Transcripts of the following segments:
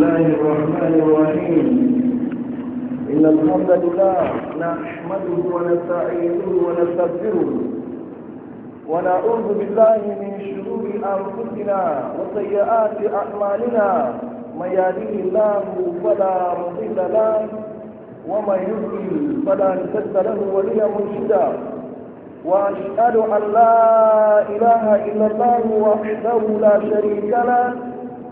الله الرحمن الرحيم إن الحمد لله نحمده ونستعينه ونستغفره ونعوذ بالله من شرور أنفسنا وسيئات أعمالنا من يهده الله فلا مضل له ومن يضلل فلا نسد له وليا مرشدا وأشهد أن لا إله إلا الله وحده لا شريك له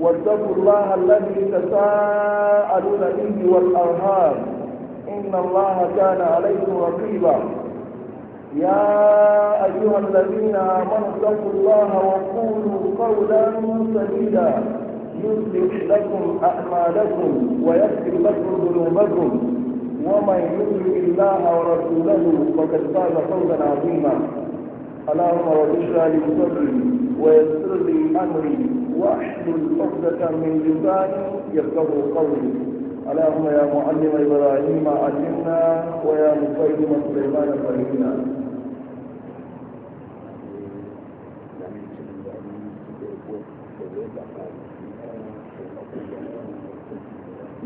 واتقوا الله الذي تساءلون به والأرهاب إن الله كان عليكم رقيبا يا أيها الذين آمنوا اتقوا الله وقولوا قولا سديدا يصلح لكم أعمالكم ويغفر لكم ذنوبكم ومن يطع الله ورسوله فقد فاز فوزا عظيما اللهم وبشرى لي بصدري ويسر لي أمري واحلل عقدة من لساني يفقهوا قولي اللهم يا معلم إبراهيم علمنا ويا مقيم سليمان فهمنا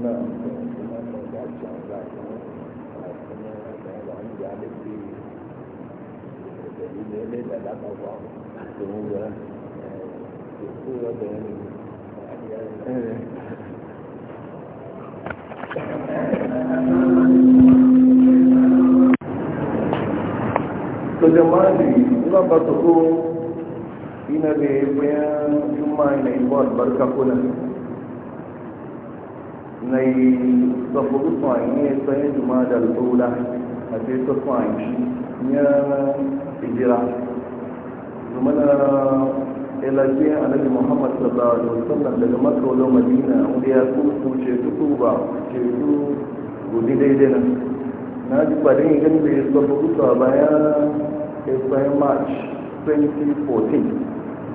نعم Thank you. Kejamani, orang batuk tu Ina dia punya Cuma ina ibuat berkakunan lah. Nai Sofuk Usman ini Saya cuma ada lupa ulah Nanti Sofuk Usman Ini Ijirah Cuma ilafiya annabi muhammad sallallahu alaihi wasallam daga makka wa madina wanda ya kuku ce tuku ba ce su gudi daidai nan na ji kwarin yi gani bai sabu kusa bayan israel march 2014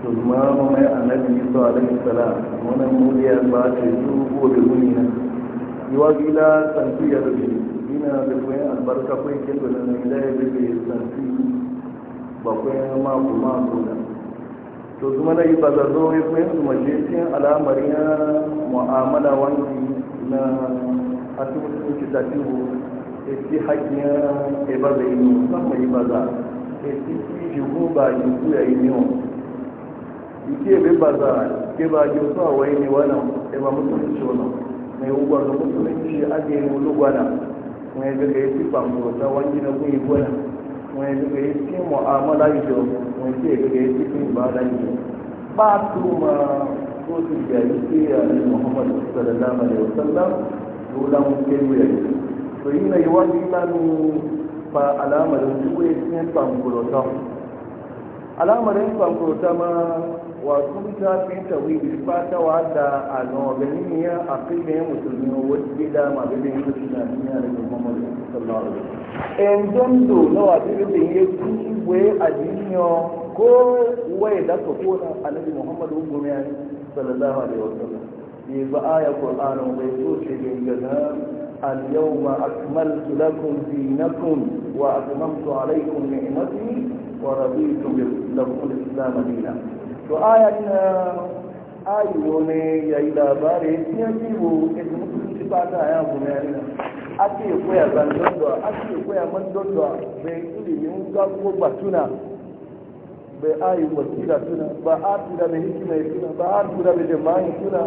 to ma mai annabi isa alaihi salam wani muliya ba ce su gobe guni nan yiwa gila santu ya rufe ina da kwayan albarka na kirkunan da ya ba kwayan mako mako to zuma na yi bazazo ya kuma yin zumaje cikin alamar ya mu'amala wanki na asibitin kitatibu ya ci hakiya ya baza yi musamman yi baza ya ci jihu ba yi su ya yi niyo ike bai baza ke ba yi su a wai ne wannan ya ba musulunci wannan mai ugwa ga musulunci ake yi mulugwana mai gaga ya ci famfota wani na kun yi gwana mai gaga ya ci mu'amala yi da òun tí èdè rẹ̀ ti fi ìgbà ọ̀la yìí bá a tó máa tó ti jẹ́ ìgbé àlẹ́ muhammadu sallallahu alayhi wa sallam ló láwọn kéwì rẹ̀ tó yìí náà ìwádìí lánàá fa alámàrin tí wọ́n ti ń fa nkurọ̀tà alámàrin fa nkurọ̀tà máa. وكنت في تويب الفاتة وعدى المغنية أقيمهم وتلمين وجدا ما بينهم السلامية رجل محمد صلى الله عليه وسلم إن دونتو نوع دير بيه كيوة أجينيو كل وي داتو فورا على محمد ومعين صلى الله عليه وسلم يبقى آية قرآن ويسوس بيه اليوم أكملت لكم دينكم وأتممت عليكم نعمتي ورضيت لكم الإسلام دينا to aya na ayo ne yayi labarin ya kiwo da mutunci ba ta ya ya ne ake koya zandon da ake koya man don bai ilimin ga ko tuna bai ayi wasila tuna ba a tura da hikima ya tuna ba a tura da jama'i tuna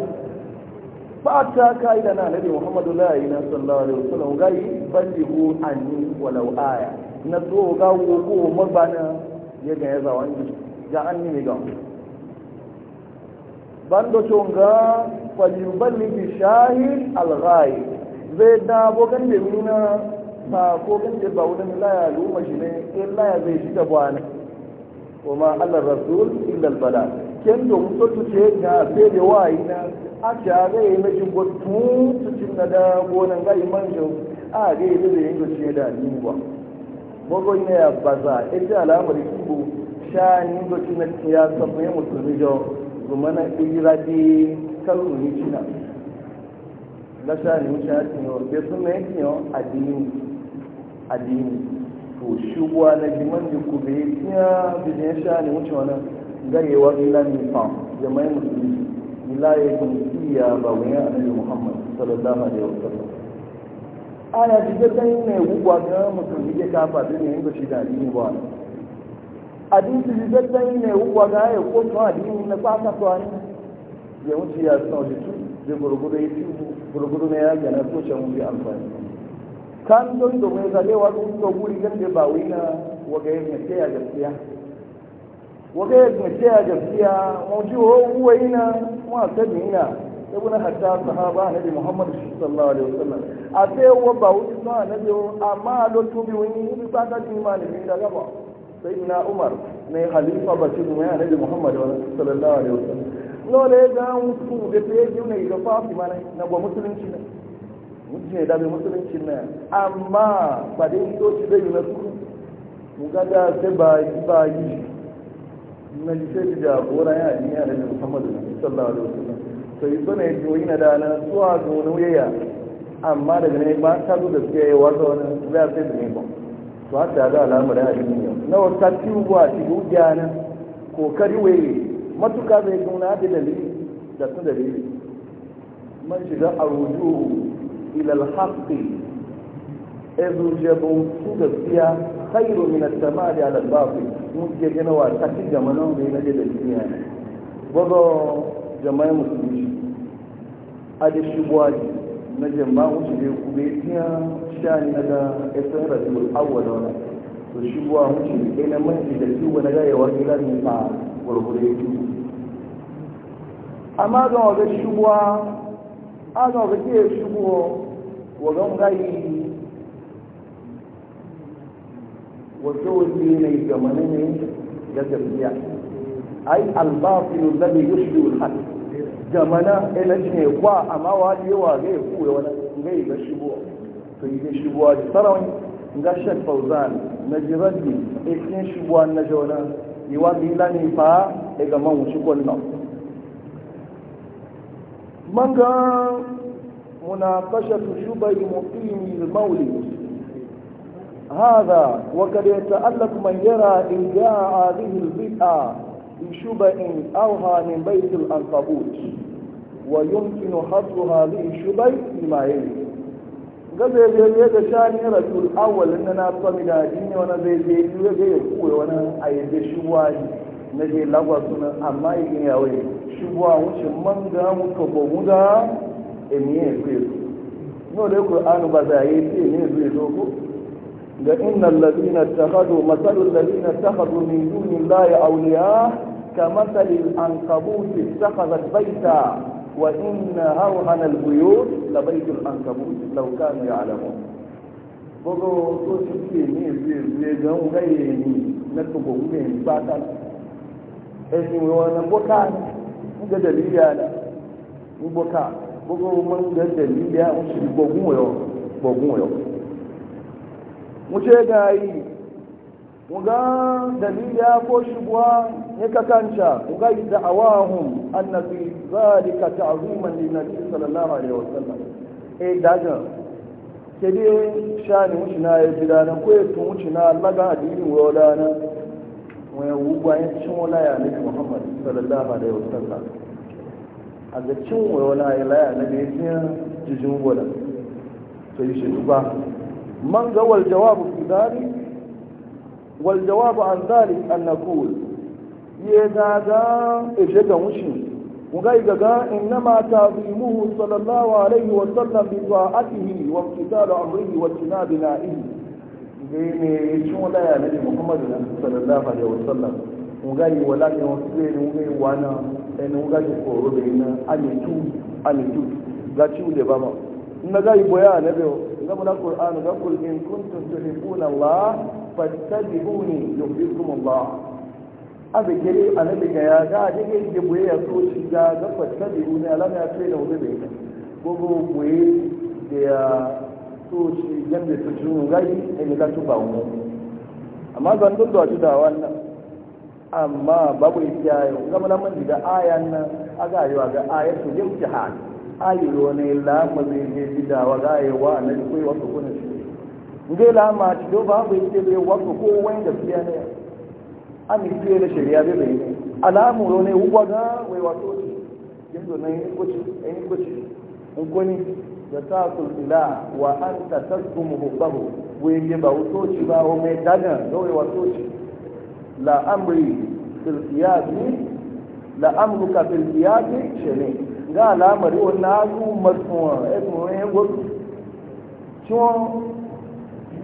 ba ta kai da na nabi muhammadu la yi na sallallahu alaihi wasallam gai ballihu anni walau aya na so ga wo ko mabana ya ga ya yi ji ga anni ne ga bando chonga falyuballighi shahid al-ghaib zai da bogan da nuna ta ko gan da ba wurin laya luma shi ne in laya zai shi bwana kuma Allah rasul inda al-bala ken do mutu tuce ga sai da wayi na a ta ga yi na jin gotu tucin na da gonan ga yi manjo a ga yi zai yin goce da ni ba bogo ne ya baza ita alamar sha ni gotu na ya samu musulmi jawo zumana ijira di kalu na lasarin lọ́sàn-án ní ṣe àtìyàn ọ̀gbẹ́ fún mẹ́tìyàn àdínú àdínú to ṣubuwa na jiman da ku bai tiya bizin sha ne wuce wani gayewa ila nifa jama'i musulmi ila ya iya ba wani annabi muhammad sallallahu alaihi wa sallam ana jikin ganin mai gugwa ga musulmi ya kafa da ne yin da shi da adini ba hadisi zai san ne uwa ga ya ko to hadisi na kwata to an ya wuce ya san da tu da gurgudu ya ci gurgudu ne ya ga na so shan wuri amfani kan don da mai zalewa sun to guri gande ba wai na waga ya ne sai ya gaskiya waga ya ne sai ya gaskiya mu ji ho uwa ina mu asali ina ibn hatta sahaba nabi muhammad sallallahu alaihi wasallam ate wo ba wuti na nabi amma lo tubi wani bi ba ta imani bi daga ba sai na umar ne halifa ba shi zuma yana da muhammadu wani sallallahu alaihi wasallam lola ya ga mutu da ta yi ne ga fafi mana na ga musulunci ne mutum ne dabe musulunci ne amma ba da yi doci zai yi na su mu da sai ba yi ba yi na ji sai da gora ya yi yana da muhammadu sallallahu alaihi wasallam sai zo ne ji wani da na suwa ga wani wuyayya amma daga ne ba ta zo da suke yi wata wani zai sai da ne ba to hatta ga al'amuran addini na wata tiwo a cikin gyana kokari waye matuka zai zauna da dalili da su dalili man shiga a rujuhu ila alhaqi ezu jabun su gaskiya khairu min at da ala Mun batil muje gina wa tafi da manon bai na da dalili ne gogo jama'a musulmi a da shi na jama'a wuce da kube ya. shani na da ƙasar rajul awwal wala to shi buwa mutum ɗaya na manci da su wani gaya a gurgure su amma ga shi buwa a ga ke shi buwa gayi wato wani ne ga mani ne ga tafiya ai kwa amma wa yawa zai kuwa wani ga shi buwa to yi shigowa da sarawai ga shek fauzan na jirage ikin shigowa na jona yiwa mila ne fa daga man wuce kwallon man هذا وقد يتألق من يرى إن جاء هذه البدعة بشبه أوها من بيت الأنقبوت ويمكن حفظ هذه الشبه لما يلي gaza ya ne ga shani rasu awalin na na sami da ne wani zai yi ya ga ya kuwa wani a yadda shuwa wani na zai lagwa suna amma ya gina a shi shuwa wuce man ga muka gomu da emiye kwe su no da anu ba za a yi ce ne zai zo ko ga innal ladina takhadu masalul ladina takhadu min dunillahi awliya kamathali al ta ittakhadhat baita وإن أوهن الْبُيُوتِ لبيت العنكبوت لَوْ كانوا يعلمون gbogbo tó ti fi èmi ìfi ìfi ẹgbẹ́ ń rẹ́ èmi mẹ́tòkò ń bẹ̀rẹ̀ nípa ká ẹni wọn ní ń gẹ́gẹ́ lílẹ̀ àná ń bọ́ká gbogbo ọmọ ń gẹ́gẹ́ lílẹ̀ àwọn sì gbọ̀gún ẹ̀yọ́ gbọ̀gún ẹ̀yọ́. mo ṣe é gan ayé kuga dalila ko ne ya kanta kuga da da'awahun annabi zalika ta'azuman lin nabi sallallahu alaihi wasallam e dajan ke dai shani wuce na ya ji dana ko ya tun wuce na laga addini wa dana wa ya wuba ya cin wala ya nabi muhammad sallallahu alaihi wasallam a ga cin wala ya la ya nabi ya jijin wala to yi shi ba man gawal jawabu fi dalik والجواب عن ذلك أن نقول يدادا إجدا وشي وغيغا إنما تعظيمه صلى الله عليه وسلم بطاعته وامتثال أمره واجتناب نائه ne shin laya ne muhammadu sallallahu alaihi wasallam nga yi wala ne wasu ne nga yi wana ɗan nga yi koro da yi na anitu anitu ga ciwo da na ga yi boya na biyu ga muna ƙur'anu ga kul in kuntum tuhibbuna allah fattabihuni yuhibbukum Allah abi kire annabi ga ya ga dige ke boye ya so shi ga ga fattabihuni alama ya ce da wani bai gogo boye da ya so shi yanda su tun gai ne ga ba mu amma zan dun da da wannan amma babu iya iyayo ga mun mun diga ayan nan aga yiwa ga ayatu yimtihan ayo ne la mu zai je didawa ga ayewa annabi koyi wasu kunin shi ngai la ma ti do ba yake bai wasu ko wani gaskiya ne an yi da shari'a bai bai ne alamu ne ugwa ga wai wato shi yin zo yin kuci yin kuci in kuni da ta kulila wa an ta wai ne ba wato shi ba wa mai dagan ga wai wato shi la amri fil la amruka fil qiyasi shine ga alamari wannan azu masuwa eh mu ne gwamnati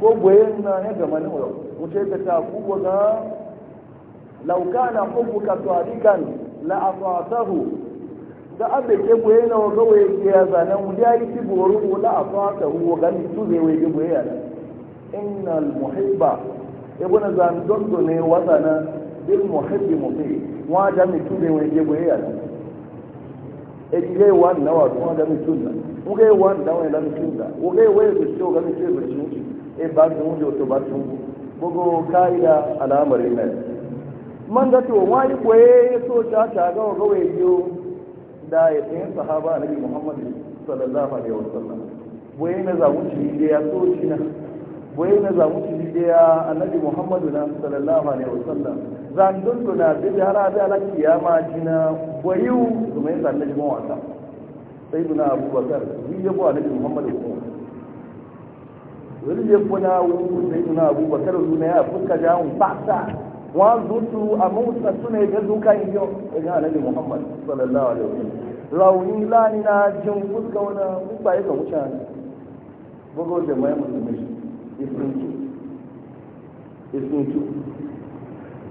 ko goyen na ya gama ne wa wuce ta ta ku ga lauka na hubbuka sadikan la afatahu da abe ke goyen na wa gawaye ke ya zana mu ya yi ti boru la afatahu wa gani su tu zai waye goyen ya innal muhibba ibn zan dondo ne wa zana bil muhibbi mufi wa da mi tu zai waye goyen e ejile wa na wa da mi tu na uge wa da wa da mi tu da uge wa su shi ga mi tu shi e ba su jo to ba su bugu kaida al'amarin nan man ga to wani koye so ta ta ga ga wayo da ya tsaye sahaba annabi Muhammad sallallahu alaihi wasallam waye na zamu ci da ya so ci na waye na zamu ci da ya annabi Muhammad sallallahu alaihi wasallam zan dundu na bi da hara da ala kiyama jina wayu kuma yin annabi mawaka sai duna abubakar yi yabo annabi Muhammad sallallahu wani zai kuna wuri sai suna abubakar suna ya fuska jahun fata wa zutu a mawusa suna ga zuka yi yau ga jihar nabi muhammad sallallahu alaihi wasallam rauni lani na jin fuska wani fuska ya ga wuce ne bugo da mai musulmi isuntu isuntu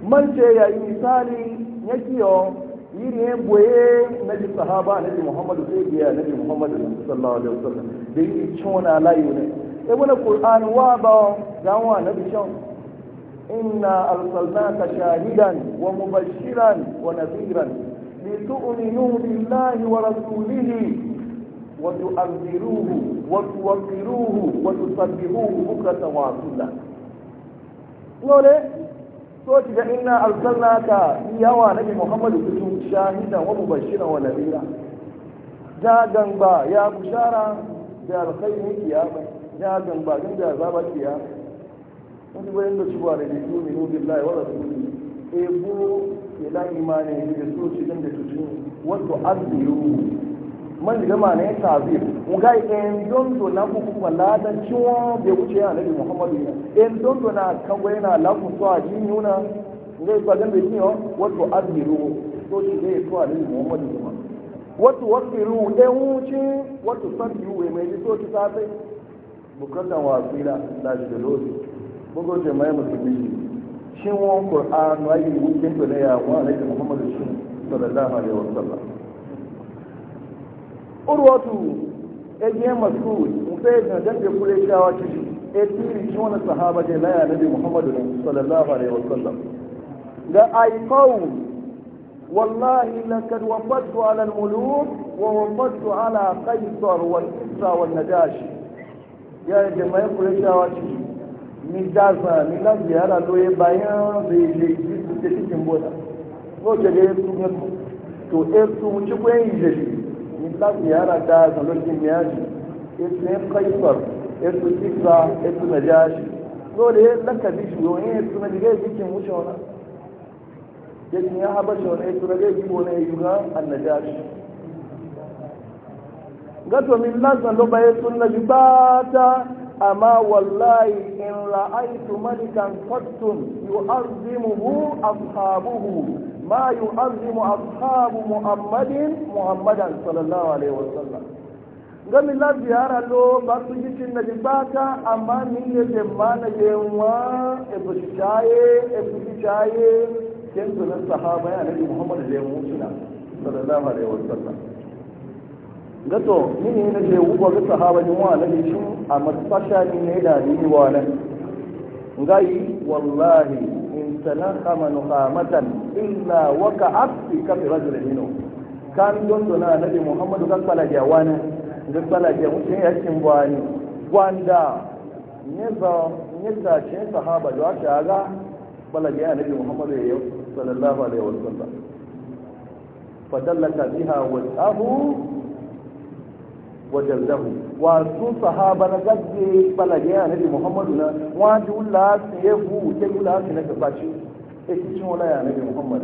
man ce ya yi misali ya kiyo yiri ya boye na ji sahaba na ji muhammadu sai biya na ji muhammadu sallallahu alaihi wasallam da yi cewa na layu ne ibn qur'an wa ba dan wa nabi shan inna arsalnaka shahidan wa mubashiran wa nadhiran billahi wa rasulihi وتؤذروه وتوقروه وتصدقوه بكرة وعصولا نولي سوتي إنا أرسلناك يا نبي محمد شاهدا ومبشرا ونذيرا جاء جنبا يا بشارة يا الخير يا بشارة ya gamba ganda za ba ke ya wani bayan da shi ba da ke tuni ne wadda su ne e bu ila imani ne da so shi dan da tutu wato azbiru man da ma ne tafi. mu ga en don to na ku kuma ladan ciwo da wuce ya nabi muhammadu ya en don na kan gwai na lafu to a jini yuna ne ba dan da ciwo wato azbiru so shi ne to da muhammadu kuma. wato wasbiru en wuce wato sabiru mai so shi ta sai bukatan wasila da shi da lori bugu jama'i musulmi shin wọn qur'an wa yi wukin da ya wa alaihi muhammadu sallallahu alaihi wa sallam urwatu ejiye masu mutai da dande kure shawa ci e tiri shi wani sahaba ne na nabi muhammadu sallallahu alaihi wa wasallam ga aikawu والله لقد وفدت على الملوك ووفدت على قيصر والكسرى والنجاشي ya jama'in kurashawa ciki ni dasa ni na ziyara loye bayan zai je su ta cikin boda ko ke ga yasu ne to yasu mu ci ko yin je ni na ziyara da ga lokacin ya ji ti ne kaifar yasu kisa yasu najashi ko de ya bi shi yoyin yasu na diga cikin wuce wani yakin ya habasha wani yasu na yi ko na yi yuga gato min lasa lo baye sunna bi bata amma wallahi in ra'aytu malikan qattun yu'azzimuhu ashabuhu ma yu'azzimu ashabu muhammadin muhammadan sallallahu alaihi wasallam gami la ziyara lo ba su yi cin na bata amma min ne ke ma na je wa e bu shaye e bu shaye kin sunan sahaba ya nabi muhammad da mu suna sallallahu alaihi wasallam gato mini na je uba ga sahaba ni wa nabi shi a matsasha ni ne da ni wa nan ngai wallahi in tanakama nuqamatan illa waqa'at fi kafi rajulin minhu kan don dona nabi muhammadu ga sala ja wani ga sala ja mutum ya kin bani wanda ne za ne da sahaba da ta ga sala ja nabi muhammadu ya yau, sallallahu alaihi wasallam fadallata biha abu. وجلده وارسو صحابة نجد بلجي أهل محمد وانجو الله سيفو جلو الله سنكفاشي اتشو الله يا نبي محمد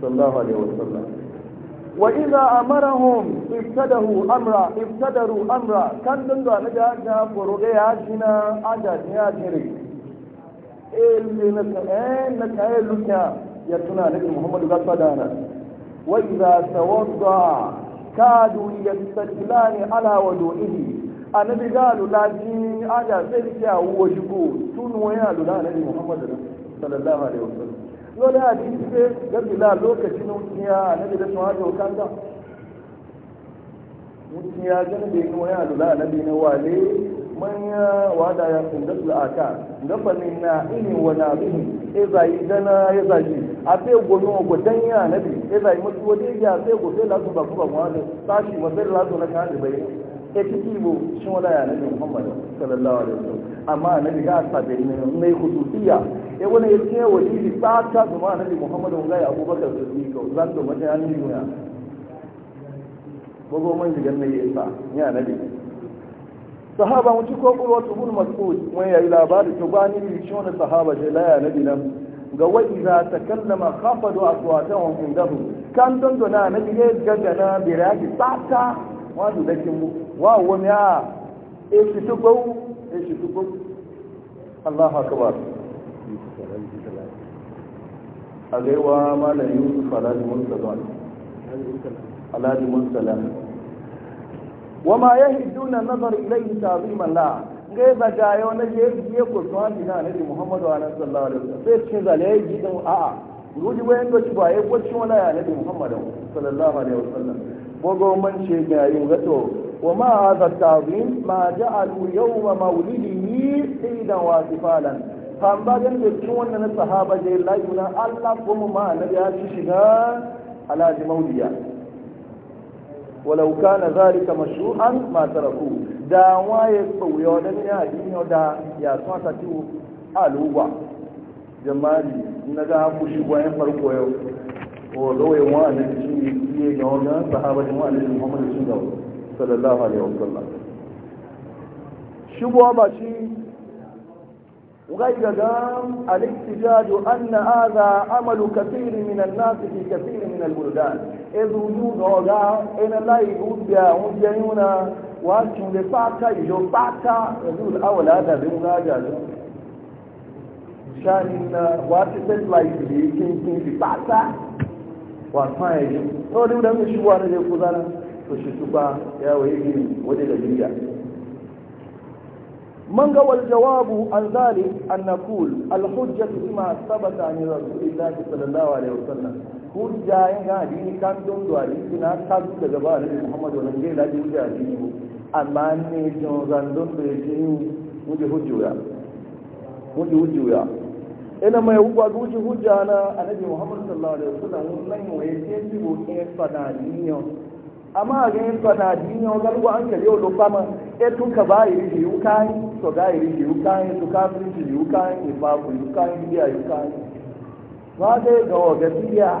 صلى الله عليه وسلم وإذا أمرهم ابتدوا أمرا ابتدروا أمرا كان دندا نجاجا فرغي عجنا عجا نياجري إيه اللي نتعين إيه نتعين إيه لكا يتنا نبي محمد قصدانا وإذا توضع kadu alawa ala wadu'ihi annabi ga lula ni aja sai ki awo shigo waya lula a cikin da waya lula na wale manya wada ya kundatul aka ne na ini wani abin, bihin e zai dana e ya zai a sai gono go danya na bi e zai mutu wode ya fe go fe lazu ba kuma wa da sashi wa fe lazu na kan bai e tiki bo shin wala ya nabi muhammad sallallahu alaihi wasallam amma nabi ga sabe ne mai khususiya e wani ya ce wali bi ta ta zuma nabi muhammad ga ya abubakar siddiq zan to mata ya ni ya gogo man diga ne ya sa ya nabi sahaba mutu ko urwatu bin mas'ud mun yayi labari ta gani ni shona sahaba je la ya nabi nan ga wa idza takallama khafadu aswatahum indahu kan don don na nabi ne gagana biraki sata wa du mu wa wa miya e shi to go e shi to go Allahu akbar mun wama ya hidduna nazar ilayhi ta'ziman la ga za ga yo na je biye ko to an dina ne Muhammadu sallallahu alaihi wasallam sai cin zale ya yi din a'a ruji wayan da ci baye ko wani a ya ne Muhammadu sallallahu alaihi wasallam bogo man ce ga yin gato wama hadha ta'zim ma ja'alu yawma mawlidihi idan wasifalan kan ba gan da cin wannan sahaba je la yuna Allah kuma ma na ya ci shiga alaji mauliya walau kana zalika mashru'an ma taraku da waye tsoyo da ne hadin da ya so ta tu aluwa jama'i na ga ku shi gwayen farko yau ko zoye wa ne shi ne ga wannan sahaba da annabi Muhammad sallallahu alaihi wasallam shi ba shi وغير دام الاحتجاج أن هذا عمل كثير من الناس في كثير من البلدان إذ وجود وغا إن لا يقول بها ونجيونا وأنتم لفاكا يجو فاكا يقول أول هذا بمناجاج شاننا واتسل لا يجي كنتين في فاكا وأنتم يجي أولي ودام يشوار يقول أنا فشتوبا يا ويجي ودي لجريا من قوى الجواب عن ذلك أن نقول الحجة بما ثبت عن رسول الله صلى الله عليه وسلم كل حجة يعني كان دون دواري كنا تابت جبال محمد ونجي لا جوجة دينه أما أني جنزان دون بريجينه مجي حجويا مجي حجويا ina mai hukwa guji hujja na محمد صلى الله عليه وسلم wannan waye ce shi bokin amma ga yin tsana jini yau galwa an kare yau lupa ma e tun ka ba yi rike yi kayan to ga yi rike yi kayan to ka fi rike yi kayan ke ba ku yi kayan biya yi kayan ba dai ga wa biya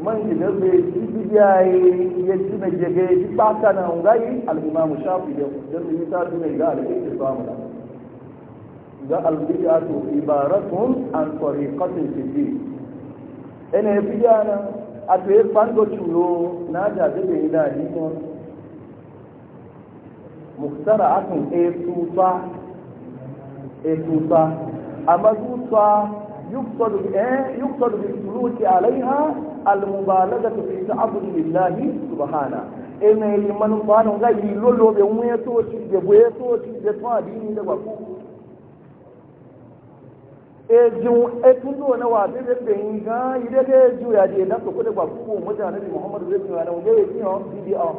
man ji da zai ci biya yi ya ci na jage ya ci ba ka na ngayi al'imamu shafi da don yi ta tuna ga al'imamu samu da ga al'biya to ibaratun an tsariƙatun fi ji ina ya fi a to ya fango curo na jaje da yi muktara akan e tufa e tufa amma tufa yuqsadu eh yuqsadu bi suluki alaiha al mubalaghatu fi ta'abbudi lillahi subhana e ne liman qanu ga yi lolo be mu ya to ya to ci be adini da ba ejin etun do na wabe be be nga ide ke ju ya e de na ko de ba ku mu ta nabi muhammad be ni wala ngai e ni on bi bi on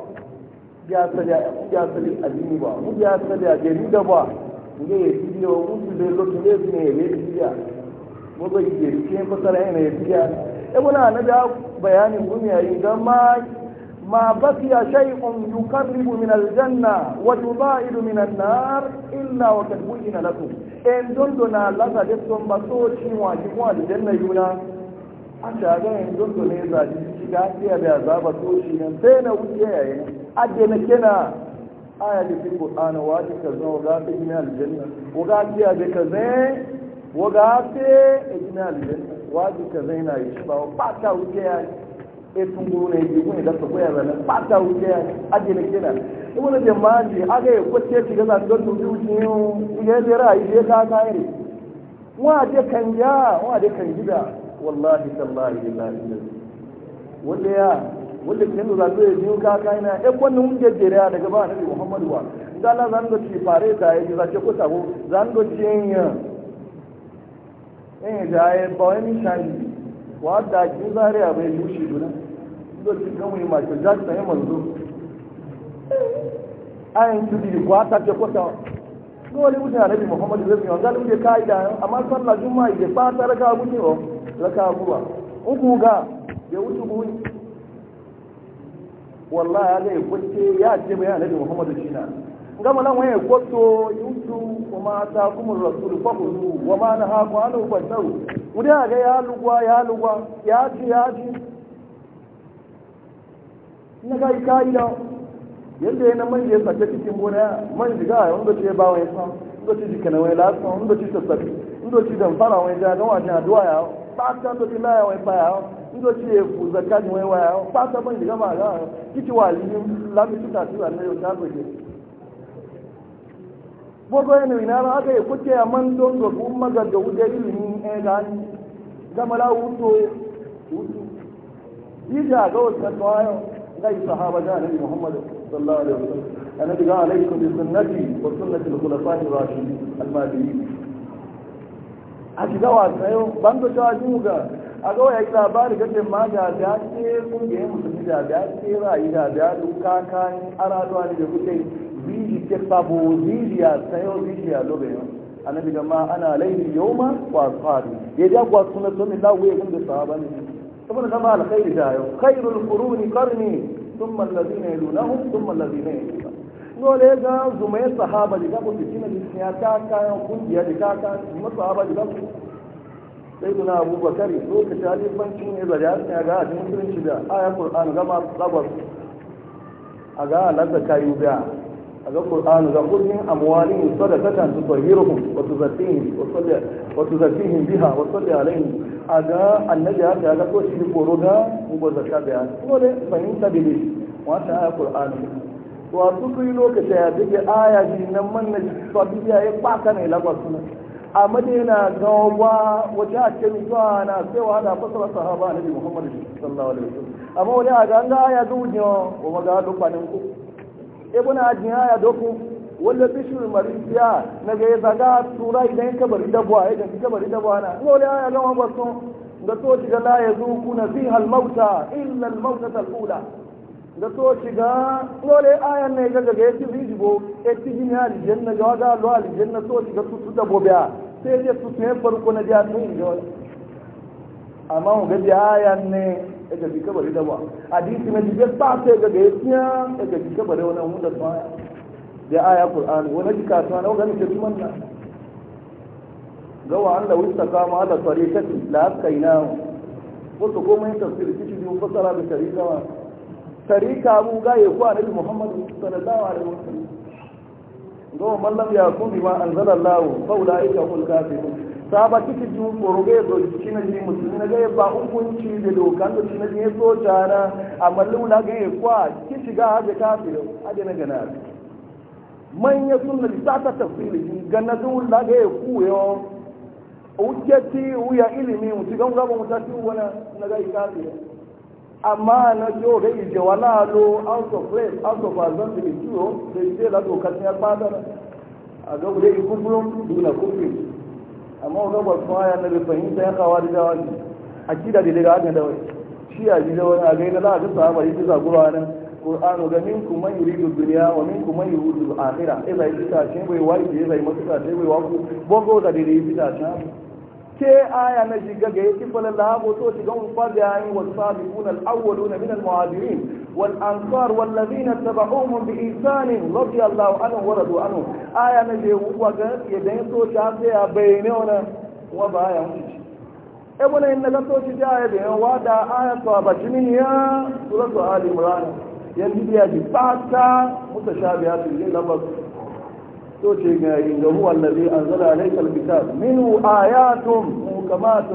ya sa ya ya sa li azimi ba mu ya sa ya de ni da ba ngai bi yo mu bi lo to ne ne le bi ya mu ba ke ke ko sara ne bi ya e bona na da e bayanin gumi ayi ga ma ما بقي شيء يقرب من الجنة ويباعد من النار إلا وقد بين لكم إن دندنا لذا جبتم بصوتي واجبوا الجنة يونا أشاغا إن دندنا إذا جبتك أتيا بعذاب صوتي نسينا وجيه أجينا كنا آية في القرآن واجب كذا وغاتي من الجنة وغاتي بكذا وغاتي من الجنة واجب كذا هنا يشبه وبعد كذا etunguru na yi kuma idan ka koya zana fata wuce aje na kira ibu na jamaji aga ya kwace shiga za don tuzi wuce yi ya zira yi zai ka kayar wa je kan ya wa je kan gida wallahi tallahi billahi wanda ya wanda kin da zai yi ka kai na e kwanne mun je jere a daga ba nabi muhammadu wa dala zan go ci fare da yi za ce ko sabo zan go ci ya eh da ya e ba wani e shani wa da ki zare abai e yushi dunan lóòtí gánwò yìí màṣẹ jáde sẹ́yìn ayin tó di ìkọ́ àtàkì ọkọ́ta lọ́wọ́ ní wúdí àrẹ́bí muhammad rẹ́bí ọ̀gá ló dé káyidá àmọ́ sọ́nà júmọ́ ìdè pátá rẹ́ká wúdí ga ya wuce wúwí wọ́lá ya lè muhammad gama nan kwato kuma ta kuma rasul wa ma na haku ga ya lugwa ya lugwa ya ci ya ci na ga ita ila yadda yana man ya sake cikin gona man ya wanda ce ba wani san wanda ce jika na wani lasa wanda ce sassafi wanda ce dan fara wani ja aduwa ya ba ta ya wani faya wanda ce ya ku zakka ni wani waya ba ta man jiga ba ga kici wali tuta tuta ne yau ta aka yi kuke a man don ga kuma ga ga wuce ilimin eh, ga gama la wuto wuto ga ga wasu kasuwa yau غير صحابة النبي محمد صلى الله عليه وسلم النبي قال عليكم بسنتي وسنة الخلفاء الراشدين المهديين akidawa tsayo bando ta juga a ga waya ila bari gaje ma da da ce kungiye musulmi da da ce ra'ayi da da duka kan araduwa ne da kuke ziji ke sabo ziji ya tsayo ziji ya lobe annabi ga ma ana laili yawma wa ashabi ya ja kwa sunna sunna da waye kun da sahaba ne saboda kama alkhairi da yau khairul quruni qarni thumma alladhina yalunahum thumma alladhina yalunahum dole ga ya sahaba da gabo cikin da ya ta kayan kungiya da ta kan sahaba da gabo sai kuna abubakar lokacin alifancin ne da ya ga a cikin musulunci da aya qur'an gama tsabar a ga alaƙa kayu da هذا القرآن يقول من أموالهم صدقة تطهرهم وتزكيهم وتزكيهم بها وصلي عليهم هذا النبي هذا هذا كل شيء فرودا وبزكاة bi ولا فهمت بليش وأنت آية القرآن wasu kuyi lokaci ya duke aya ji nan man na bi ya yi baka ne lagos suna a madina wa wata a zuwa na cewa da fasara sahaba nabi muhammadu sallallahu alaihi wasallam amma wani a ganga aya zuwa wa maga dukkanin ku ebuna ajiya ya doku wanda bishir marisiya na ga ya zaga tura idan kabari dabuwa ya gafi kabari dabuwa na wani ya gama wasu da so shi la ya zuku na fi halmauta illa almauta tal'ula da so shiga wani ayan ne ga gaga ya ci rijibo ya ci gini na ga waga alwa alijanna so shiga tutu dabobiya sai ya tutu ya farko na jiya sun yi ga wani amma ga biya ayan ne daga bi kabari da ba hadisi na jibe ba sai daga ya tiya daga bi kabari wani mun da tsaya da aya qur'ani wani jika ta na wani ke tuman na gawa Allah wista kama ala da la kaina wato komai ta tafsir kici biyu fasara da tariqa wa tariqa mu ga ya ku annabi Muhammad sallallahu da wasallam gawa man lam yakun bima anzala Allah fa ulaika hum kafirun saba kiki jin tsoro ga yazo shi na ne musulmi na ga ba hukunci da dokan da shi na ne soja a amma na ga ya kwa ki shiga haje da haje na gana man ya sunna li sata tafsiri ganna lula ga ya ku yo ujjati uya ilimi mutigan ga ba ti wana na ga kafiro amma na jo ga ije wala lo out of place out of azan da kiyo da ije la dokan ya fadara a ga gure ikubrum duna kufri amma ga ba kuma ya nabi fahimta ya kawo da dawa ne a kida da daga da wai shi a ji wani a gaina za a ga sahaba yi kisa gura nan qur'anu ga kuma yi rigar duniya wa minkum man yuridu akhirah eh bai kisa shi bai wai bai matuka sai bai waku bongo da dai kisa shi انا كآية نجيقة جيتي فللاب وطوتي قوم فدعين والصابقون الأولون من المعادلين والأنصار والذين اتبعوهم بإنسان رضي الله عنه ورضوا عنه آية نجيقة وقت يدين توتي عبدها بينهنا وبايا آية مجيش إبنا إن لن توتي جاية بينه وادا آية صحابة جميعا سورة آل إمران يلي بيادي فاتا متشابهات الجيل لبصر توشي قايل هو الذي أنزل عليك الكتاب منه آيات محكمات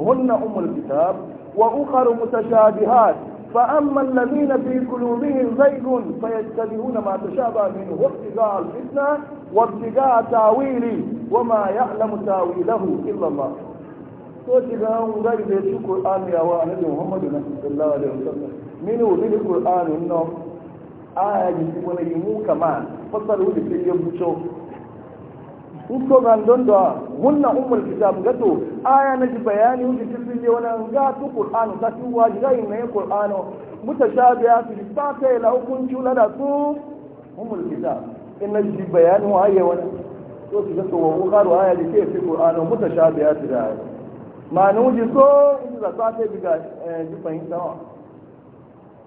هن أم الكتاب وأخر متشابهات فأما الذين في قلوبهم زيغ فيتبعون ما تشابه منه وابتغاء الفتنة وابتغاء تأويل وما يعلم تاويله إلا الله توشي قايل غير بيشو قرآن يا واحد محمد صلى الله عليه وسلم منه من القرآن إنه ji wani yi mu kama fasar wuce ko ga don da munna ummul kitab gato aya na ji bayani wuce cikin ne wannan ga tu qur'an ta ci waji ga yin ne qur'anu mutashabiha fi saka ila hukun jula da su ummul kitab in na ji bayani wa aya wannan to su gato wa qaru aya da ke fi qur'anu mutashabiha fi da ma nuji so in da saka bi ga eh, ji fahimta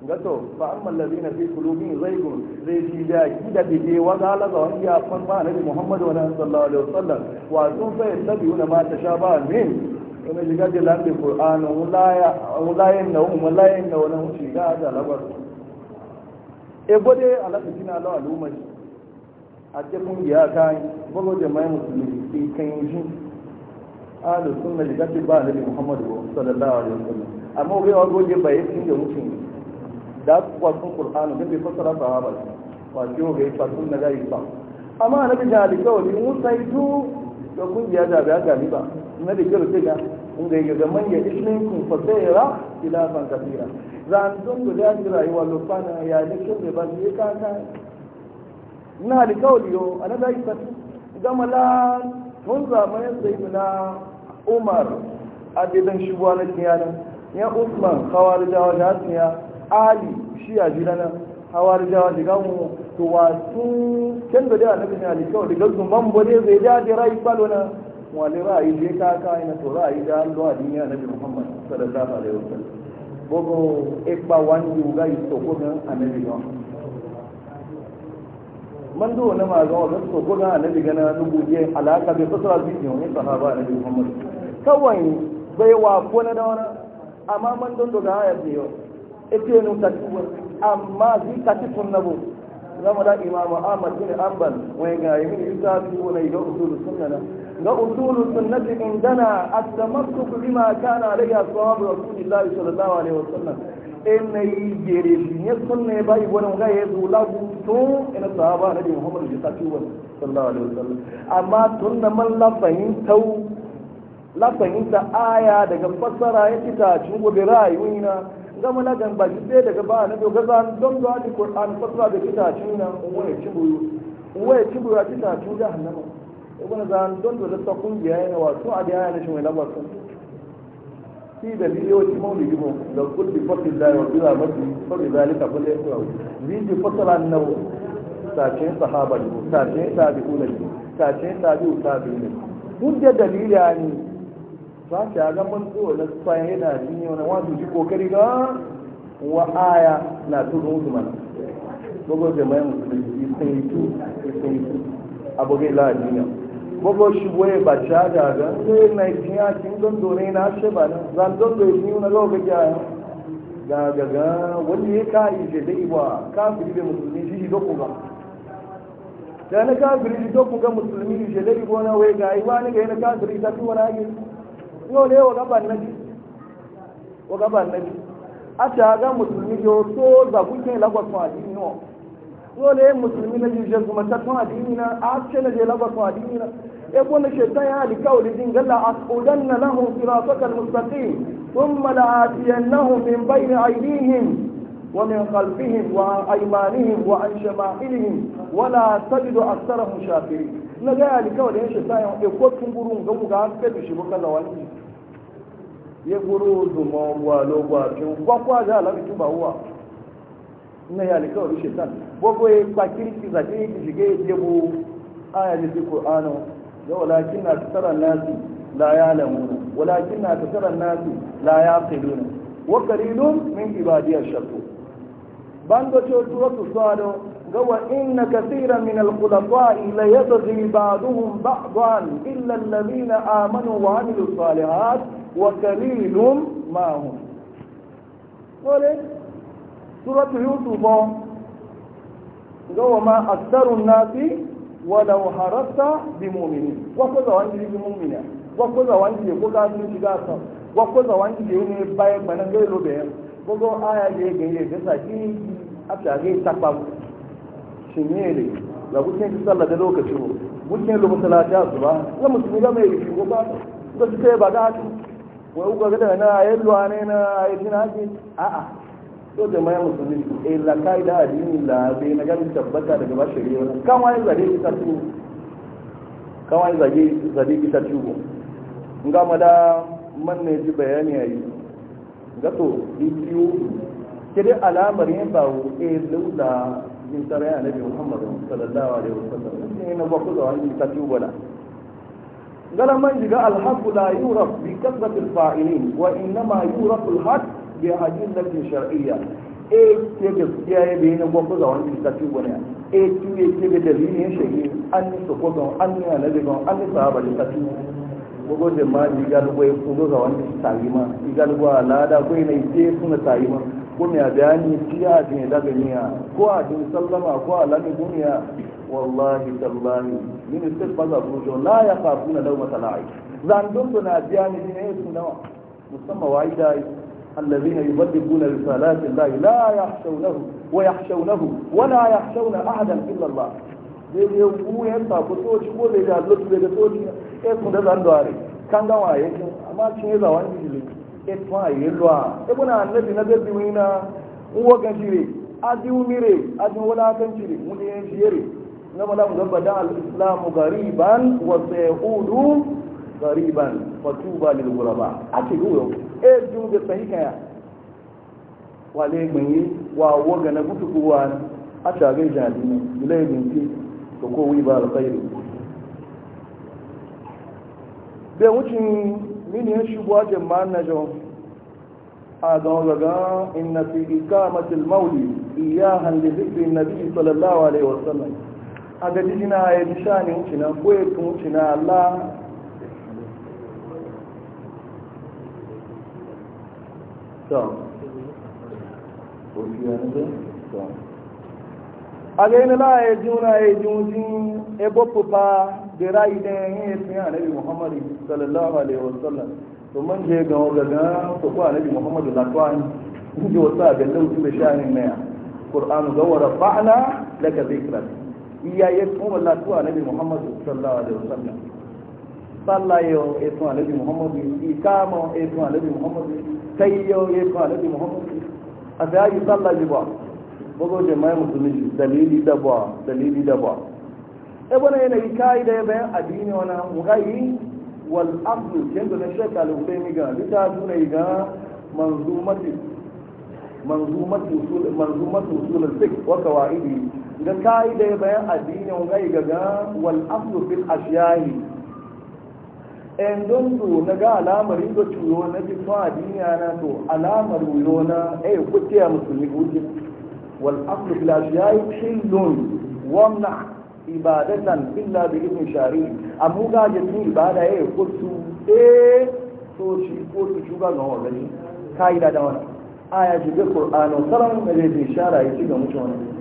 gato fa amma allazina fi zai zaygun zai ji da gida da wa zala ga wani ya kwan ba na bi muhammadu wani wa sallallahu alaihi wasallam wa sun fa yattabi'una ma ba min wani shiga da lafi qur'an wulayen na wani wulayen na wani mun shiga da labar e gode alaƙa kina lau al'ummar a ce kungiya kan bugo jama'i musulmi ke kan yi shi ahlus sunna shiga ba na bi muhammadu sallallahu alaihi wasallam amma wai wa goje bai yi da mutum da su kwasun ƙur'anu da bai fasara sahaba su ba shi yau ga yi fasun na gari ba amma na bi da alƙawari mun sai su da kungiya da bai gami ba na da kyau sai ga in ga ya ishi ne kun fasaira ila ban kafira zantun da ya ji rayuwa lufana ya ne kyau ba su yi ka na alƙawari yau a na yi fasun gama la tun zamanin sai na umar a gidan shi na kiyanan ya usman kawar jawa na siya ali shi ya ji nana hawar jawa daga mu to wasu can da dawa nabi na kawai daga zumban bude zai ja da rai balo na wani ra'ayi je ka ka ina to ra'ayi da an zuwa duniya nabi muhammad sallallahu alaihi wasallam gogo ekpa wani yuga isto ko nan anabi ga man do na ma ga wannan ko na anabi ga na nubu je alaka bai fasara bidiyo ne sahaba annabi muhammad kawai bai wa ko na da wani amma man don do ga ya biyo ite nun tuwa amma zi ka ci sun nabo zama da imamu ahmad bin Amban, wai ga yi min isa fi wani ga usulu sunna na ga usulu sunnati indana at-tamassuk bima kana alayhi ashabu wa sallallahu alaihi wasallam in yi gere ne sunna bai wani ga ya zo lagu to ina sahaba nabi muhammad bin sallallahu sallallahu alaihi wasallam amma tun da man la fahimta aya daga fassara ya kita cin gobe ra'ayoyina zama na gan baki sai daga ba na doga zan don zuwa da kur'an fasara da kita cuna uwa ya ci buyu ci buyu a kita cu da hannama ibn zan don da ta kungiya wa su a da yana shi mai sun fi da bidiyoci maulidi mu da kulli fasil da yawa bila mafi sabi zalika kulle ya kuwa bidi fasala na sace sahaba ne sace tabi'u ne sace ta tabi'u ne duk da dalila ne za ta ga mun ko na sai yana jin yau na wato ji kokari ga wa aya na tudun usman gogo jama'a musulmi sai tu sai tu abu ga la dina gogo shi boye ba ta ga ga sai na tiya kin don dore na she ba zan don do shi na lo ga ya ga ga ga wanda ya kai je dai ba kafiri da musulmi shi do ko ga da na kafiri do ko ga musulmi je dai ko na wai ga ai wani ga na kafiri ta tuwa na ga lole wa gaban nabi wa gaban nabi a shaga musulmi yo so za kuke lagwasun addini no lole musulmi na yi jesu matattun addini na a ce na je lagwasun addini na ya kuna shaitan ya halika wa lijin galla a tsodan na lahun firafakan mustaqim ثم لآتينهم من بين أيديهم ومن خلفهم وعن أيمانهم وعن شمائلهم ولا تجد أكثرهم شاكرين na gaya ni kawai da yin shaitayen ikot kumburun ga muga an kai da shi muka da wani ya guru zuma gwalo gwafin gwakwa za a lafi ba uwa na ya lika wani shetan gwagwa ya kwakiri ki zaje ki shige ya jebu aya da fi ƙor'anu da walakin na tattara nasi la ya lamuna walakin na tattara nasi la ya qiluna wa qalilun min ibadiyar shakku bando ce wasu su sado ga wa inna kathira min al-khulafa'i la yadghi ba'dhum ba'dan illa na amanu wa amilu salihat wa qalilum ma hum dole suratu yusuf oh. gawa ma aktharun nasi wada harasta bi mu'minin wa ko za wangi bi mu'mina wa ko za wangi ko ga su shiga sa wa ko za wangi ne bayan e banan gai lobe gogo aya je ganye da saki a tare takwa da kuke ki sallah da lokaci ko kuke lokacin salata ba na musulmi ga mai e shi ko ba da suke ba ga wai kuka daga na ayi luwane na yi tina ake a so jama'a musulmi eh yi kaida addini la bai na gani tabbata daga ba shari'a wannan kan wani zage ki ta tuwo kan wani zage zage ki ta nga mada man ne ji bayani ayi gato bidiyo kire alamar yin bawo eh laula min yana annabi muhammadu sallallahu alaihi wasallam ne na ba ku da wani ta tuwo la gara man jiga alhaku la yuraf bi kasratil ma wa innama yurafu alhaq bi hajjatin shar'iyya e tege tiyaye be ne gwa kuza wani kitati gwane e tuye tege da zini yin an ni su an ni anabi an ni sahaba da kati gwa gwa ma ji galgwa ya kuma kuza wani kitati ma ji galgwa lada gwa yi na ite suna tayi ma a bayani tiya a jini daga niya ko a jini sallama ko a lami duniya wallahi tallahi min sai baza bujo la ya kafuna law matala'i zan dun to na biya ni ne su nawa musamman waida الذين يبلغون رسالات الله لا يخشونه ويخشونه ولا يخشون احدا الا الله zai zai ku ya sabu toci ko zai da lotu da toci ya kun da zan dare kan ga waye amma cin ya zawan jili ya e twa yi lwa e buna annabi na zai wina uwa ga adi umire adi wala kan jire mun ne jire gama lamu gaba da al'islamu gariban wasu yahudu gariban fatuba e ju da sahi kaya wa waga na gutu kuwa a shagai jami'i ilai binci da kowai ba alkhairu bai wucin mini ya a jama'an na jau a ga inna fi ikamatil mauli iya da zikirin nabi agadi jina ya ji shani wucina ko ya tun wucina Allah la ya ji una ya ji da rayu da ya fi muhammadu sallallahu alaihi wasallam to man je ga muhammadu in ji wasu da shani na ya ƙur'anu ga wa rafa'na iyaye kuma la tuwa nabi muhammad sallallahu alaihi wasallam sallayo eto alabi muhammad ikamo e eto alabi muhammad tayyo eto alabi muhammad yi sallaji ba bogo je mai musulmi dalili da ba dalili da ba e bana yana yi kai da bayan addini wana mugayi wal aqd kendo na shek al-usaimi ga lita tuna ga manzumati manzumati usul manzumati usul al-fiqh wa qawaidi yi dai bayan addinin gai gaga wal aslu fil ashiyahi en don na ga alamar da ciwo na bi to addiniya na to alamar wuyo na eh kutiya musulmi kuje wal aslu fil shin don wamna ibadatan illa bi ibn shari amu ga je tu ibada eh kutu eh to shi ko su shuga ga wani ka'ida da wani aya ya ga qur'ano sarar da zai shara yi ga mutum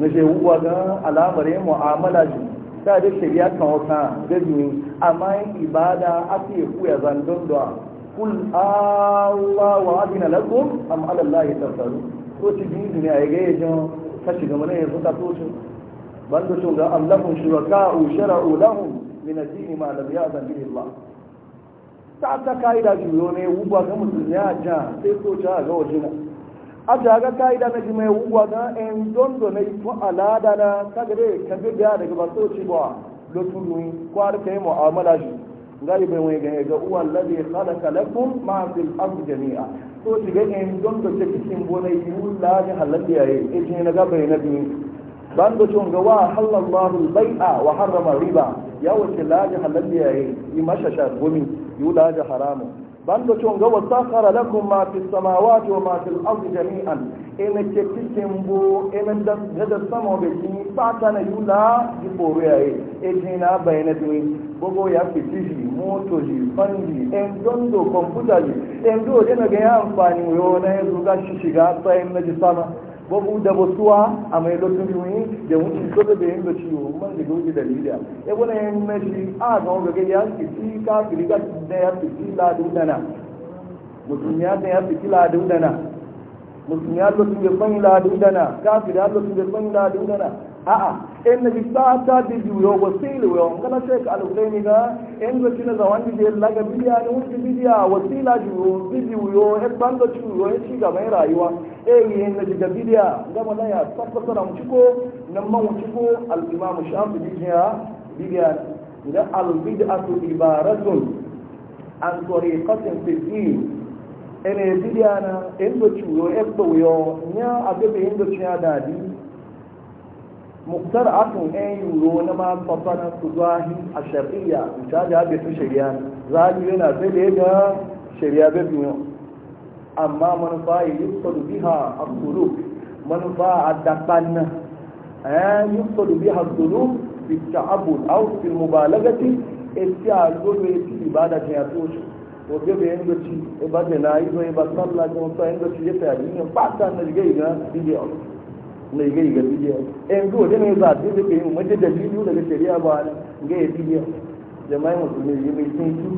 na je wuwa ga alamar yin mu'amala shi ta da shirya kan wata da biyu amma yin ibada ake kuya zandon da kul Allah wa adina lakum am a Allah ya tattaru ko ci ne a ya gaya yajin ka shiga mana yanzu ka to shi ban da shugaba Allahum shuraka'u shara'u lahum min ad-din ma lam ya'zan bihi ta ta kaida jiyo ne wuwa ga mutum a jan sai ko ta ga wajen a jaga ka'ida na ji mai wuwa na en dondo na yi to alada na kagare ka bi biya daga ba so ci ba lotun nuyi kwar kai mu mu'amala shi ngai bai wai ga ga uwa alladhi khalaqa lakum ma fil ard jami'a so ci ga en dondo ce cikin bona yi la ji halalli yayi e ji na ga bai na bi ban da ga wa halallahu bai'a wa harrama riba ya la laji halalli yayi yi mashasha gumi yi laji haramun ban cin ga wasa kara lakum ma fi samawati wa ma ardi jami'an ina ke cikin bu ina da da sama ga shi ta na yula di foro yayi e ina na bayana dui gogo ya fi tiji moto ji fandi en dondo computer ji en do je na ga ya amfani yo na yanzu ga shi shiga na ji sama gobu da basuwa a mai lotun yi da mutum gobe da yin da ciwo man da gobe da lida ya gwana yin mashi a ga wanda gai ya fiti ka filiga da ya fiti ladun dana mutum ya da ya fiti ladun dana mutum ya lotun da fan ladun dana kafir ya lotun da fan ladun dana a'a in na sa ta da juyo wasila wa kana shek al-udaini ga in ga kina za wani da laga bidiya ne wani bidiya wasila juyo bidiyo e bando juyo e ci gaban rayuwa eyi yin na jiga bidiya gama na ya tabbata na muciko na man muciko al'imamu shafi bidiya bidiya da albidatu ibaratun an tariqatin fi din ene bidiya na endo chuyo ebdo wuyo, nya abebe endo chuya dadi muktar atun en yuro na ma na fasana tuzahi a shari'a ta da abin shari'a zai yana sai da ya ga shari'a bebe amma manufa yuqsadu biha as-suluk manufa adapanna eh yuqsadu biha as-suluk fi at-ta'abbud aw fi al-mubalaghati eti agolo eti ibada ke atosho oge be ndo ti e ba de na izo e ba salla ko so ndo ti je ta ni pa ta na ge ga dige o na ge ga dige e ndo de ne za de ke mu de dalilu daga sharia ba ne ge dige jama'i musulmi yi mai tuntu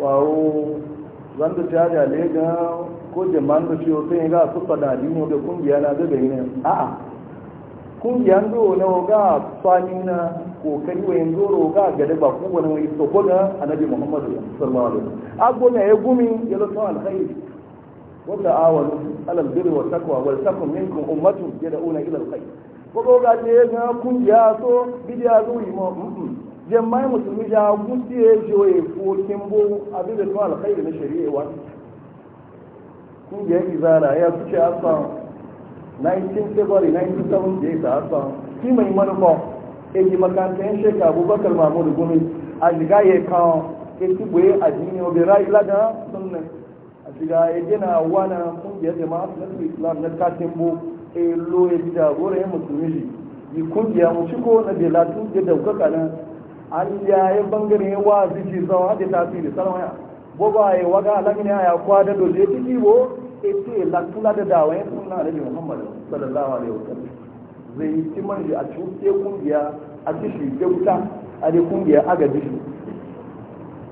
wawo zan ta jale ga ko jaman da ciwo sai ga su fada mu da kungiya na zaga yi ne a'a kungiyan zo na ga fani na kokari wa yin zoro ga gada ba ku wani wai soko ga anabi muhammadu sallallahu alaihi wasallam agbo na ya gumi ya lafa alkhairi wa ta'awalu alal birri wa taqwa wal takum minkum ummatun yad'una ila alkhair ko ga je ga kungiya so bidiya zo yi mu jama'ai musulmi ja gusi ya ya ko kimbo abin da kuma alkhairi na shari'a wa kungiyar zara ya ce asan 19 february 1978 da asan fi mai manufa eji makantayin shekaru abubakar mahmudu gumi a shiga ya kan eti gbe jini obi rai ladan sunan a shiga ya gina wani kungiyar jama'a na islam na katimbo elo ya jagora ya musulmi yi kungiyar mu shiko na belatu da daukaka na an yayi bangare wa zici zawa da tasiri salama ya boba ya waga alamini ya kwada dole ya fi bo ita lakula da dawayen suna da muhammad sallallahu alaihi wasallam zai yi timan a cuce kungiya a cishi ke wuta a da kungiya ga dishi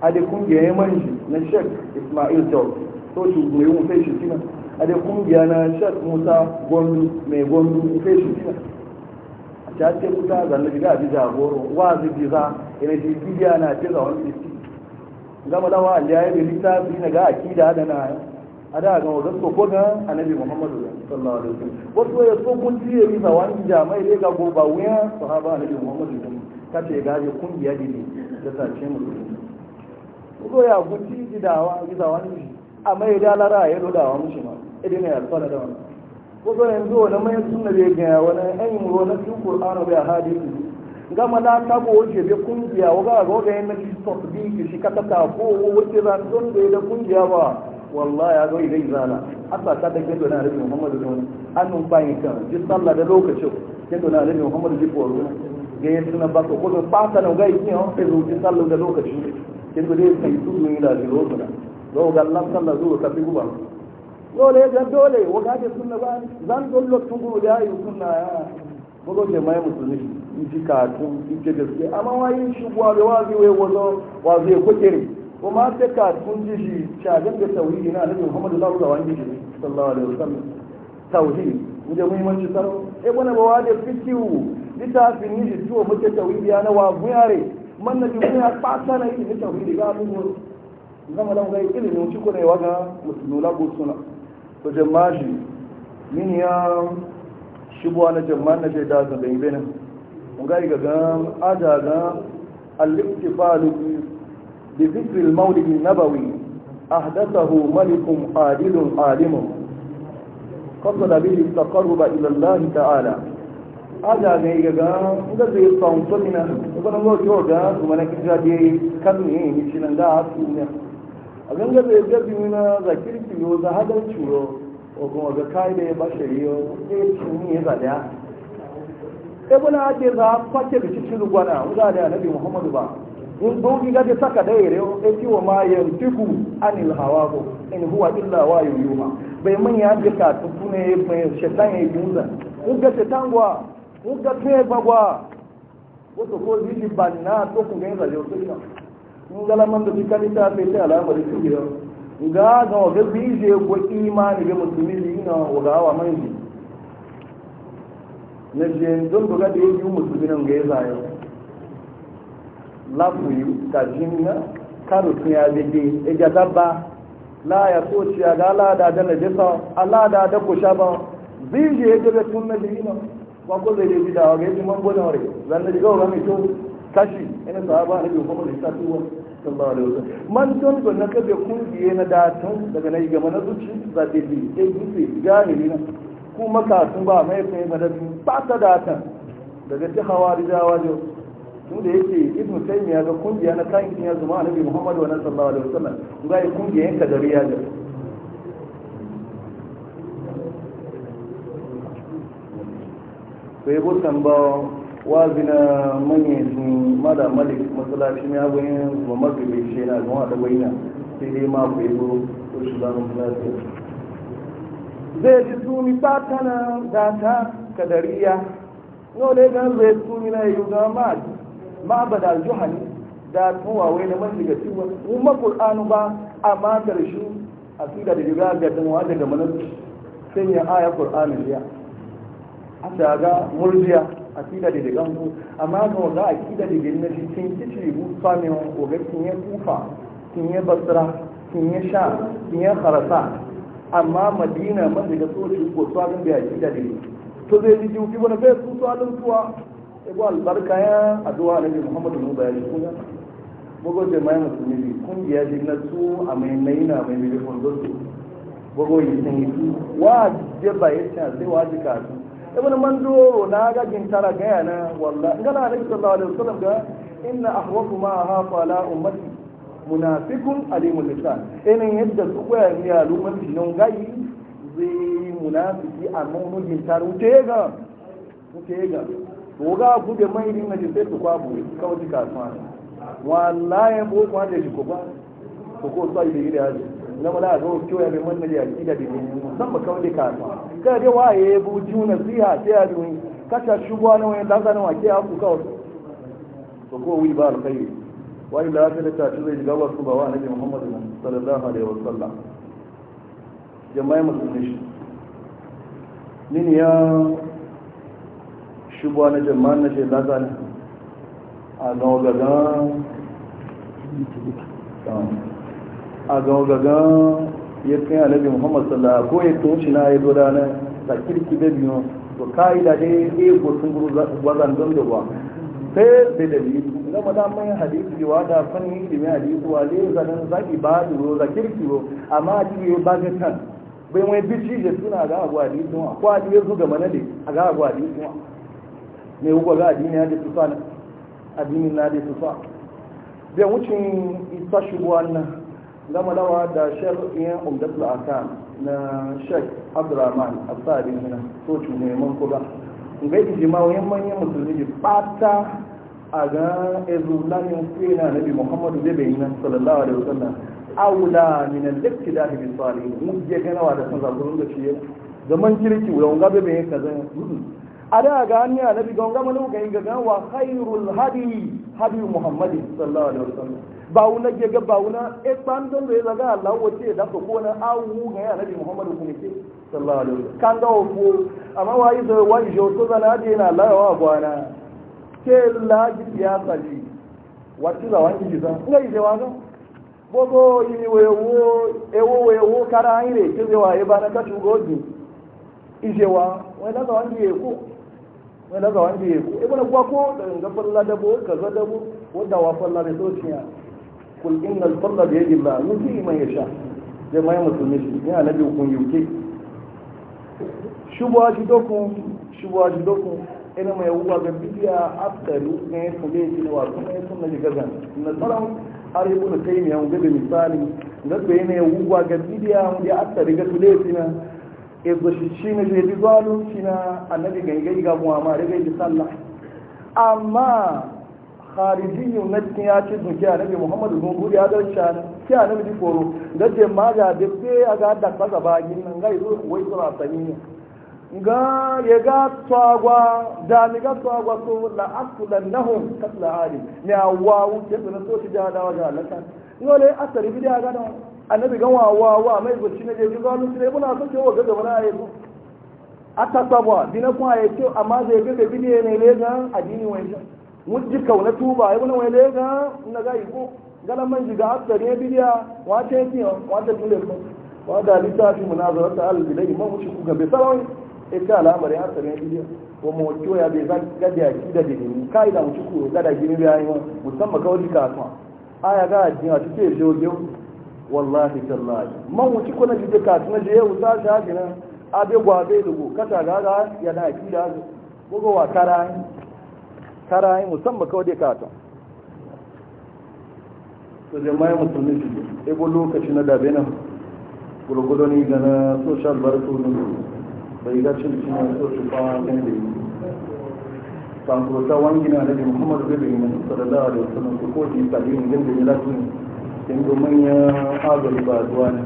a da kungiya ya manji na shek ismail jaw so shi mai mun fai shi kina a da kungiya na shek musa gondu mai gondu mun fai shi kina ta ce kuta zanna diga a bija goro wa zai za ina ji biya na ce za wani fiti gama lawa aliya ya bai littafi na ga akida da na a da ga wajen so ko ga annabi muhammadu sallallahu alaihi wasallam wasu ya so kun yi bisa wani jami'ai ne ga goba wuya sahaba annabi muhammadu ta ce kun biya ne da sace musulmi ko ya guti gidawa gidawa ne amma ya dalara ya dodawa mushi ma idan ya alfala da wani wato yanzu wani mai suna bai gaya wani ainihin na cikin ƙur'anu bai hadisi gama na tabo wace bai kungiya wa ga ga yin na kristof bi shi ka tata ko wace za ta don da kungiya ba wallahi ya zo idan zana asa ta da kedo na rabbi muhammadu da wani an nun bayin kan ji tsalla da lokacin kedo na rabbi muhammadu ji koro ga yin suna ba ko ko fata na ga yin on sai ji sallah da lokacin kedo dai sai su ne da jiro na ga Allah sallah zuwa ka fi guba dole ga dole wa ga da sunna ba zan tun tungu da yi sunna ya bugo da mai musulmi in ji ka tun in ji gaske amma wai shi gwa da wazi wai wazo wazi ko kire ma ta ka tun ji shi shagan da tauhidi na annabi Muhammadu sallallahu alaihi wasallam tauhidi da muhimmanci sarau eh bana ba wa da fikihu littafin ni shi tuwa muke tauhidi na wa guyare man na jikin ya fata na yi ni tauhidi ga abubuwan zama don gai ilimin shi kuna ne waga musulmi lagu suna to jamashi min ya shibuwa na jamman na shaida ga bai bane mun ga ga gan aja ga al-iktifalu bi dhikri al-mawlid an-nabawi ahdathahu malikun adilun alimun qasada bihi taqarruba ila Allah ta'ala aja ga ga ga zai fa'un to mina ko na go ga kuma na kija dai kan ne shi nan da asu ne a ganga bai na za kirki yau za hadar curo o kuma ga kai ba ya yi cini ya zaɗa ya ake za a fake da cikin gwana wuza da nabi muhammadu ba in dogi ga ta saka da yare ya ci wa ma yantiku anil hawa ko in huwa illa wa bai man ya ji ka bai shaitan ya yi yunza kun shaitan gwa wato ko ngalaman da duka ta sai sai alamar su yau ga ga wa gazi je ko imani ga musulmi ne ina wa ga wa manji na je don ga da yi musulmi nan ga yasa yau lafu yi ta jinna karu sun ya dede e ga zabba la ya so ci ga la da da na jisa ala da da ko shaba zije ga da tun ne ina ba ko zai je da wa ga yi man gona wari zan da ga wa mai to kashi ina sahaba ne ko kuma da ta tuwa sallallahu man don na kabe kungiye na datan daga na gama na zuci za ta bi sai na kuma ka ba mai kai madadin ba ta datan daga ta hawari da tun da yake ibnu ga kungiya na ya zuma wa sallallahu alaihi wasallam ga kungiyen kadariya da sai go tambawa wazina manyan sun mada malik masalacin ya bayan kuma magribe shi na zama da bayyana sai dai ma ku yi zo ko shi zama lafiya zai ji na da ta kadariya no dai gan zai sumi na yi ga ma ma ba da juhani da tuwa wai na man ga tuwa mun ma qur'anu ba amma karshe akida da yuga ga dan wa daga manan sai ya aya qur'anu ya a ga murjiya akida da daga mu amma ga wanda akida da na shi kin kici bu sami ko ga kin ya kufa kin ya basra kin ya sha kin ya kharasa amma madina ma daga shi ko tsarin da akida da to zai ji ki wani bai su tsarin tuwa ego albarka ya addu'a nabi muhammadu mu bayani kuma bugo mai musulmi ne kungiya ji na su a mai naina mai mai fondo su bugo yi sun yi wa je bayyana sai wa ji su ibn mandoro na ga gintara gaya na walla ngana da sallallahu alaihi wasallam ga inna ahwaku ma hafa la ummati munafikun alimul lisan inin yadda su koya mi alumman nan gai zai munafiki a mun gintara wuce ga wuce ga to ga da mai din na jisai su kwabu kawai ji kasuwa wallahi bo kwa da shi ko ba to ko sai da gida na mala ga ko ya mai manna ya kida da ni musamman kawai kasuwa ga dai waye bu juna siya a ya duni kacha shugwa na wani dangane wa ke aku kawai to ko wi ba alkhairi wa ila akhirata ta zai gaba su ba wa annabi Muhammad sallallahu alaihi wasallam jama'i musulmi shi nini ya shugwa na jama'a na shi dangane a ga a ga gagan ya kai annabi muhammad sallallahu ko ya toshi shi na ya da nan da kirki da biyu to da dai ne ko sun guru wazan don da ba sai da dalili na madaman hadisi da wada fanni ilimin hadisi wa ne zanen zaki ba da ro za kirki ro amma ji ya ba ga kan bai mai bici da suna ga abu hadisi wa ko hadisi zuga mana ne a ga abu hadisi wa ne ko ga hadisi ne da tusa addinin na da tusa bai wucin isa shubuwan nan gama dawa da shar'in umdatul akan na sheikh abdurrahman asadi mina so ci ne man ko ba ga ijma'oyin manyan musulmi fata a ga ezulamin fina nabi muhammadu zai na sallallahu alaihi wasallam awula min al da bi salih mu je ganawa da san zakurun da ciye zaman kirki wurin gabe bayi kaza hmm. ada gani a nabi gonga malu ga inga ga wa khairul hadi hadi muhammad sallallahu alaihi wasallam bauna ge ga bauna e pandon ga daga allah wace da ko kona awu ga nabi muhammad ku ne sallallahu alaihi wasallam kan ga ku. amma wai da wa jo to da nadi na allah wa gwana ke laji ya sali wati da wani ji san ngai da waga bogo yini wo, ewo wo kara ire ke wa e bana ka chugo ji ijewa wala da wani e ko wani ga wanda eh, ya ko ibn kwa ko da ga falla da ka za da bo wanda wa falla da so ciya kul innal fadla bi yadi nufi yuti man sha da mai musulmi shi ya biyu kun yuke shubha shi dokun shubha shi dokun ina mai wuwa ga bidiya aftaru Na ku ne ji wa kuma ya sunna ji gaza na tsaron har yi yi mai yawon gaba misali ga ne wuwa ga bidiya mun ya aftari ga tulesi na egoshi shi ne zai bi zalunci na annabi gangai ga muhamma da gaji sallah amma yau na cikin ya ce zuke annabi muhammadu gungu ya zai zarce ki annabi ji koro ce ma ga da be a ga da kaza ba gin nan ga zo wai sura sani ga ya ga tsagwa da ni ga tsagwa so la asulan aslanahum katla ali ne a awu ke na so ti da da wa ga lata ngole asari bi da ga da annabi gan wawa wa mai goci na jeji zuwa lusu ne muna son cewa gaga wani ayi zo a tasawa dina kuma ya ce amma zai gaga bi ne ne ga addini wani mujji kauna tuba ya wani wani ga na ga iko galan man jiga asar ne bidiya wace ne wata dole ko wa da muna zara ta al bidai ma mushi kuka bai sarawai e ta al'amari asar ne bidiya ko mu wato ya bai za zan gada ki da bidin kai da mushi ku gada gini da yayi musamman kawai ka ta aya ga addini a cikin jojo wallahi tallahi man wuci kuna ji duka tun je yau sa ta ji nan gwa be dugo kata gaga ya na ki da go wa tara tara yi musamman kawai dai katon to jama'a musulmi e go lokaci na dabe nan gurgudu ne ga na social ne bai ga cin cin social barkunu ne sankurta wangina da muhammadu bebe ne sallallahu alaihi wasallam ko ta ko ji tsadin gindin lafiya kin do manya azal ba duwan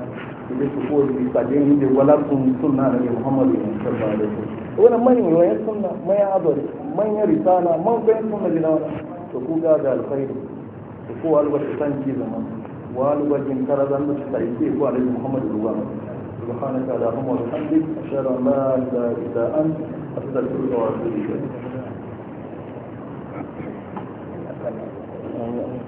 da su ko da da wala Muhammadu sallallahu alaihi wasallam wannan manya wayan sunna manya azal manya risala man bayan sunna da wala to ku da alkhairi to ko san ki zaman wal wajin karazan da sai ke ko alaihi Muhammadu sallallahu alaihi سبحانك اللهم وبحمدك اشهد ان لا اله الا انت استغفرك واتوب اليك